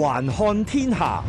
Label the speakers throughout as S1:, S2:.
S1: 環看天下，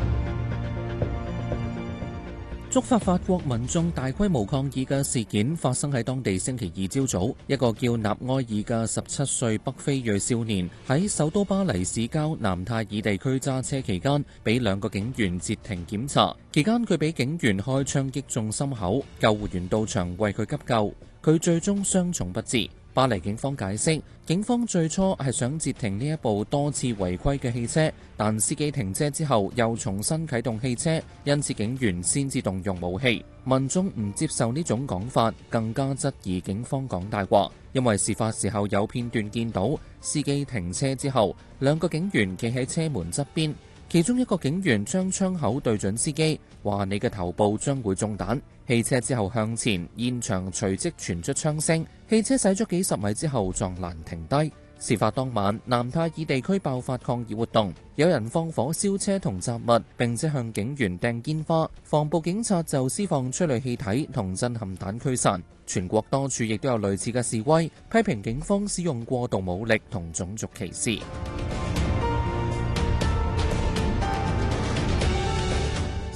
S1: 觸發法國民眾大規模抗議嘅事件發生喺當地星期二朝早。一個叫納埃爾嘅十七歲北非裔少年喺首都巴黎市郊南泰爾地區揸車期間，俾兩個警員截停檢查。期間佢俾警員開槍擊中心口，救護員到場為佢急救，佢最終傷重不治。巴黎警方解釋，警方最初係想截停呢一部多次違規嘅汽車，但司機停車之後又重新啟動汽車，因此警員先至動用武器。民眾唔接受呢種講法，更加質疑警方講大話，因為事發時候有片段見到司機停車之後，兩個警員企喺車門側邊。其中一個警員將槍口對準司機，話你嘅頭部將會中彈。汽車之後向前，現場隨即傳出槍聲。汽車駛咗幾十米之後撞欄停低。事發當晚，南泰爾地區爆發抗議活動，有人放火燒車同雜物，並且向警員掟煙花。防暴警察就施放催淚氣體同震撼彈驅散。全國多處亦都有類似嘅示威，批評警方使用過度武力同種族歧視。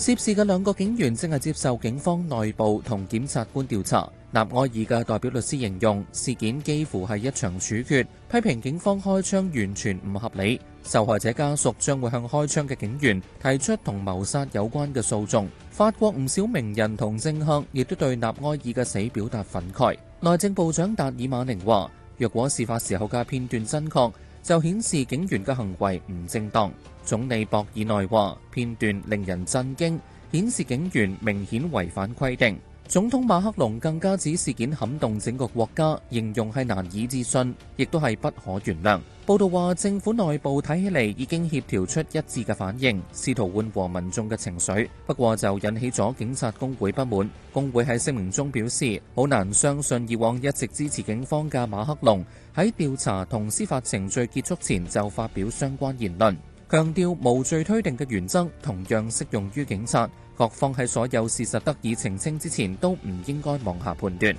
S1: 涉事嘅兩個警員正係接受警方內部同檢察官調查。納埃爾嘅代表律師形容事件幾乎係一場處決，批評警方開槍完全唔合理。受害者家屬將會向開槍嘅警員提出同謀殺有關嘅訴訟。法國唔少名人同政客亦都對納埃爾嘅死表達憤慨。內政部長達爾馬寧話，若果事發時候嘅片段真確。就顯示警員嘅行為唔正當。總理博爾內話：片段令人震驚，顯示警員明顯違反規定。總統馬克龍更加指事件撼動整個國家，形容係難以置信，亦都係不可原諒。報道話，政府內部睇起嚟已經協調出一致嘅反應，試圖緩和民眾嘅情緒。不過就引起咗警察工會不滿，工會喺聲明中表示，好難相信以往一直支持警方嘅馬克龍喺調查同司法程序結束前就發表相關言論。強調無罪推定嘅原則，同樣適用於警察，各方喺所有事實得以澄清之前，都唔應該妄下判斷。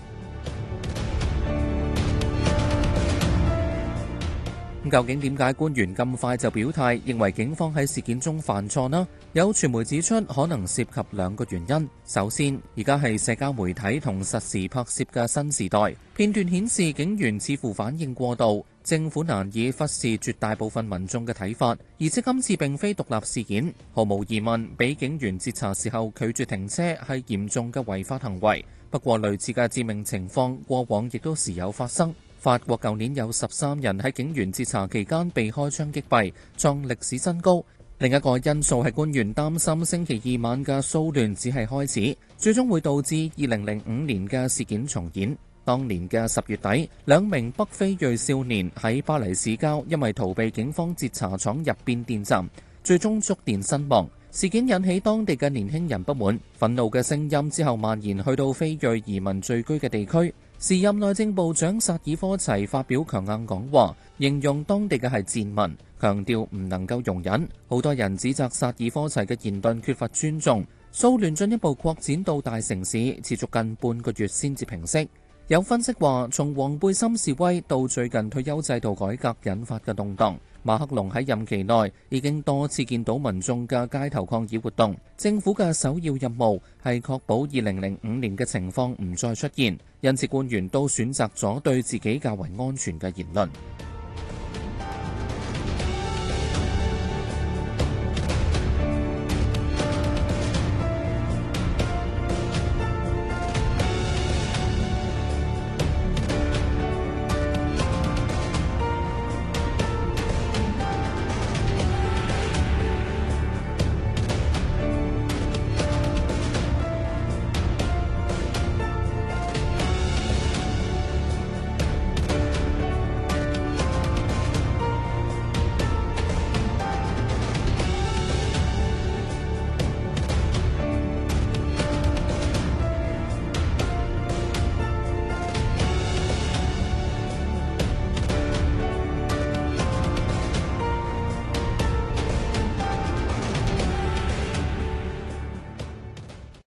S1: 究竟點解官員咁快就表態認為警方喺事件中犯錯呢？有傳媒指出，可能涉及兩個原因。首先，而家係社交媒體同實時拍攝嘅新時代，片段顯示警員似乎反應過度，政府難以忽視絕大部分民眾嘅睇法。而且今次並非獨立事件，毫無疑問，俾警員截查時候拒絕停車係嚴重嘅違法行為。不過，類似嘅致命情況過往亦都時有發生。法國舊年有十三人喺警員截查期間被開槍擊斃，創歷史新高。另一個因素係官員擔心星期二晚嘅騷亂只係開始，最終會導致二零零五年嘅事件重演。當年嘅十月底，兩名北非裔少年喺巴黎市郊因為逃避警方截查闖入變電站，最終觸電身亡。事件引起當地嘅年輕人不滿，憤怒嘅聲音之後蔓延去到非裔移民聚居嘅地區。時任內政部長薩爾科齊發表強硬講話，形容當地嘅係賤民，強調唔能夠容忍。好多人指責薩爾科齊嘅言論缺乏尊重。騷亂進一步擴展到大城市，持續近半個月先至平息。有分析話，從黃背心示威到最近退休制度改革引發嘅動盪。馬克龍喺任期內已經多次見到民眾嘅街頭抗議活動，政府嘅首要任務係確保二零零五年嘅情況唔再出現，因此官員都選擇咗對自己較為安全嘅言論。